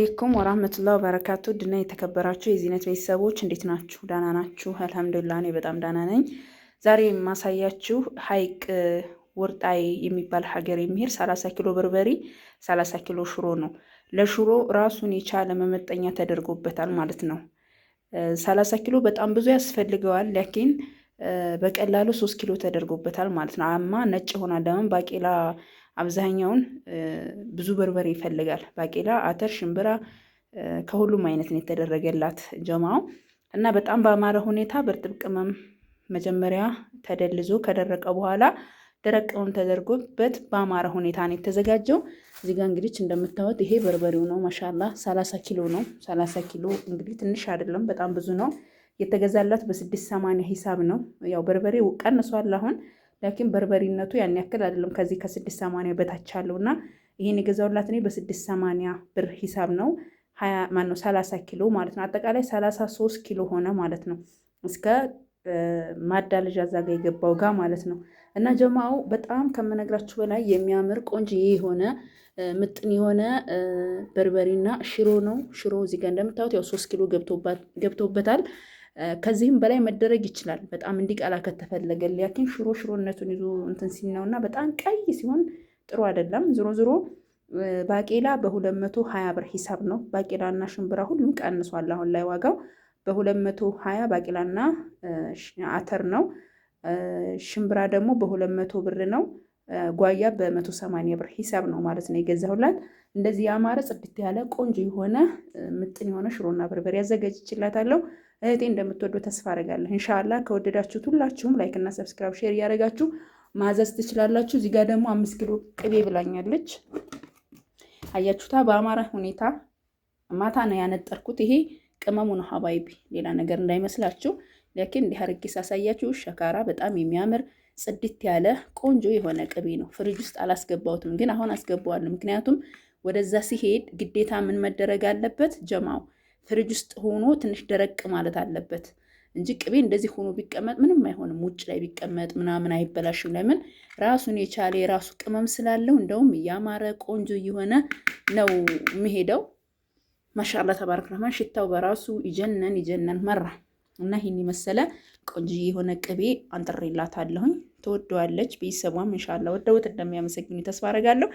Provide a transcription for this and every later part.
አሌኩም ወራህመቱላ በረካቱ ድና የተከበራችሁ የዚህነት ቤተሰቦች እንዴት ናችሁ? ዳና ናችሁ? አልሐምዱላ እኔ በጣም ዳና ነኝ። ዛሬ የማሳያችሁ ሀይቅ ውርጣይ የሚባል ሀገር የሚሄድ 30 ኪሎ በርበሬ 30 ኪሎ ሽሮ ነው። ለሽሮ ራሱን የቻለ መመጠኛ ተደርጎበታል ማለት ነው። 30 ኪሎ በጣም ብዙ ያስፈልገዋል። ላኪን በቀላሉ 3 ኪሎ ተደርጎበታል ማለት ነው። አማ ነጭ ይሆናል። ለምን ባቄላ አብዛኛውን ብዙ በርበሬ ይፈልጋል። ባቄላ፣ አተር፣ ሽምብራ ከሁሉም አይነት ነው የተደረገላት ጀማው እና በጣም በአማረ ሁኔታ በእርጥብ ቅመም መጀመሪያ ተደልዞ ከደረቀ በኋላ ደረቅ ቅመም ተደርጎበት በአማረ ሁኔታ ነው የተዘጋጀው። እዚህ ጋ እንግዲህ እንደምታዩት ይሄ በርበሬው ነው። ማሻላ 30 ኪሎ ነው። 30 ኪሎ እንግዲህ ትንሽ አይደለም፣ በጣም ብዙ ነው። የተገዛላት በ680 ሂሳብ ነው። ያው በርበሬው ቀንሷል አሁን ላኪን በርበሪነቱ ያን ያክል አይደለም። ከዚህ ከስድስት ሰማንያ በታች አለው እና ይሄን የገዛውላት እኔ በስድስት ሰማንያ ብር ሂሳብ ነው። ማን ነው ሰላሳ ኪሎ ማለት ነው። አጠቃላይ ሰላሳ ሶስት ኪሎ ሆነ ማለት ነው። እስከ ማዳለዣ እዛ ጋ የገባው ጋር ማለት ነው። እና ጀማው በጣም ከምነግራችሁ በላይ የሚያምር ቆንጆ የሆነ ምጥን የሆነ በርበሬና ሽሮ ነው። ሽሮ እዚህ እንደምታዩት ያው ሶስት ኪሎ ገብቶበታል። ከዚህም በላይ መደረግ ይችላል። በጣም እንዲቀላ ከተፈለገ ሊያኪን ሽሮ ሽሮነቱን ይዞ እንትን ሲናው እና በጣም ቀይ ሲሆን ጥሩ አይደለም። ዝሮ ዝሮ ባቄላ በሁለት መቶ ብር ሂሳብ ነው። ባቄላና ሽምብራ ሁሉም ቀንሷል አሁን ላይ ዋጋው በ220 ባቄላና አተር ነው። ሽምብራ ደግሞ በሁለት መቶ ብር ነው። ጓያ በመቶ 180 ብር ሂሳብ ነው ማለት ነው የገዛሁላት። እንደዚህ ያማረ ጽድት ያለ ቆንጆ የሆነ ምጥን የሆነ ሽሮና በርበሬ ይችላታለሁ። እህቴ እንደምትወዱ ተስፋ አረጋለሁ። እንሻላ ከወደዳችሁት ሁላችሁም ላይክ እና ሰብስክራይብ ሼር እያደረጋችሁ ማዘዝ ትችላላችሁ። እዚህ ጋር ደግሞ አምስት ኪሎ ቅቤ ብላኛለች። አያችሁታ። በአማራ ሁኔታ ማታ ነው ያነጠርኩት። ይሄ ቅመሙ ነው ሀባይቢ፣ ሌላ ነገር እንዳይመስላችሁ። ለኪን እንዲህ አርጌ ሳሳያችሁ ሸካራ በጣም የሚያምር ጽድት ያለ ቆንጆ የሆነ ቅቤ ነው። ፍሪጅ ውስጥ አላስገባሁትም፣ ግን አሁን አስገባዋለሁ። ምክንያቱም ወደዛ ሲሄድ ግዴታ ምን መደረግ አለበት ጀማው ፍሪጅ ውስጥ ሆኖ ትንሽ ደረቅ ማለት አለበት እንጂ ቅቤ እንደዚህ ሆኖ ቢቀመጥ ምንም አይሆንም። ውጭ ላይ ቢቀመጥ ምናምን አይበላሽም። ለምን ራሱን የቻለ የራሱ ቅመም ስላለው እንደውም እያማረ ቆንጆ እየሆነ ነው የሚሄደው። ማሻላ ተባረክ ረህማን። ሽታው በራሱ ይጀነን ይጀነን መራ እና ይህን የመሰለ ቆንጆ የሆነ ቅቤ አንጥሬላታለሁኝ። ትወደዋለች። ቤተሰቧም እንሻላ ወደውት እንደሚያመሰግኑ ተስፋ አረጋለሁ።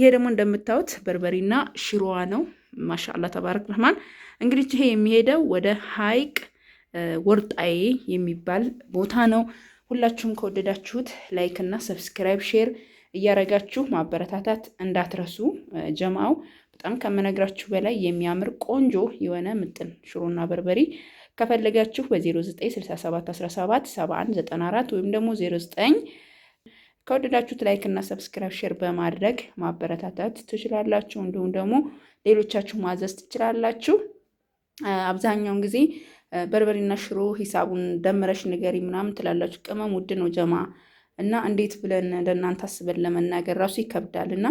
ይሄ ደግሞ እንደምታዩት በርበሬና ሽሮዋ ነው። ማሻላ ተባረክ ረህማን። እንግዲህ ይሄ የሚሄደው ወደ ሀይቅ ወርጣዬ የሚባል ቦታ ነው። ሁላችሁም ከወደዳችሁት ላይክ እና ሰብስክራይብ ሼር እያረጋችሁ ማበረታታት እንዳትረሱ ጀማው። በጣም ከምነግራችሁ በላይ የሚያምር ቆንጆ የሆነ ምጥን ሽሮና በርበሬ ከፈለጋችሁ በ0967177194 ወይም ደግሞ 09 ከወደዳችሁት ላይክ እና ሰብስክራይብ ሼር በማድረግ ማበረታታት ትችላላችሁ። እንዲሁም ደግሞ ሌሎቻችሁ ማዘዝ ትችላላችሁ። አብዛኛውን ጊዜ በርበሬና ሽሮ ሂሳቡን ደምረሽ ንገሪ ምናምን ትላላችሁ። ቅመም ውድ ነው ጀማ እና እንዴት ብለን ለእናንተ አስበን ለመናገር ራሱ ይከብዳል እና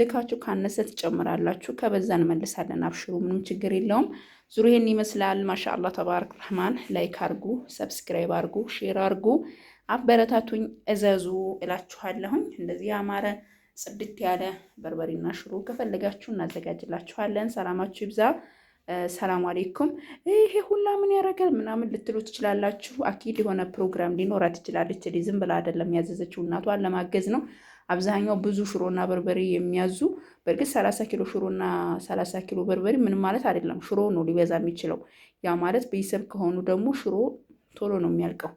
ልካችሁ ካነሰ ትጨምራላችሁ፣ ከበዛ እንመልሳለን። አብሽሩ፣ ምንም ችግር የለውም። ዙሩ ይሄን ይመስላል። ማሻአላ ተባረክ ረህማን። ላይክ አርጉ፣ ሰብስክራይብ አርጉ፣ ሼር አርጉ፣ አበረታቱኝ፣ እዘዙ እላችኋለሁኝ። እንደዚህ ያማረ ጽድት ያለ በርበሬና ሽሮ ከፈለጋችሁ እናዘጋጅላችኋለን። ሰላማችሁ ይብዛ። ሰላም አሌይኩም። ይሄ ሁላ ምን ያደርጋል ምናምን ልትሉ ትችላላችሁ። አኪድ የሆነ ፕሮግራም ሊኖራት ትችላለች። ዝም ብላ አይደለም ያዘዘችው፣ እናቷን ለማገዝ ነው። አብዛኛው ብዙ ሽሮና በርበሬ የሚያዙ በእርግጥ 30 ኪሎ ሽሮና 30 ኪሎ በርበሬ ምንም ማለት አይደለም። ሽሮ ነው ሊበዛ የሚችለው። ያ ማለት ቤተሰብ ከሆኑ ደግሞ ሽሮ ቶሎ ነው የሚያልቀው።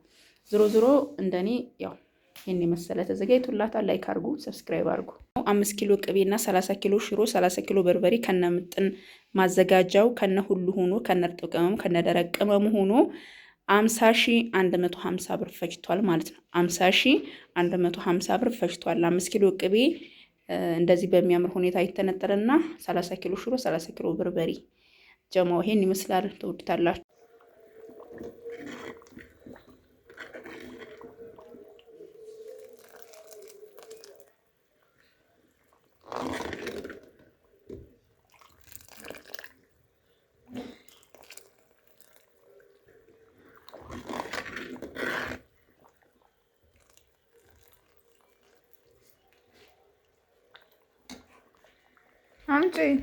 ዝሮ ዝሮ እንደኔ ያው ይህን የመሰለ ተዘጋጅቶላታል። ላይክ አርጉ፣ ሰብስክራይብ አርጉ። አምስት ኪሎ ቅቤ ቅቤና ሰላሳ ኪሎ ሽሮ ሰላሳ ኪሎ በርበሬ ከነ ምጥን ማዘጋጃው ከነ ሁሉ ሆኖ ከነ እርጥብ ቅመሙ ከነ ደረቅ ቅመሙ ሆኖ አምሳ ሺ አንድ መቶ ሀምሳ ብር ፈጅቷል ማለት ነው። አምሳ ሺ አንድ መቶ ሀምሳ ብር ፈጅቷል። አምስት ኪሎ ቅቤ እንደዚህ በሚያምር ሁኔታ ይተነጠረና ሰላሳ ኪሎ ሽሮ፣ ሰላሳ ኪሎ በርበሬ ጀማው ይሄን ይመስላል። ትወዱታላችሁ። Мамчий.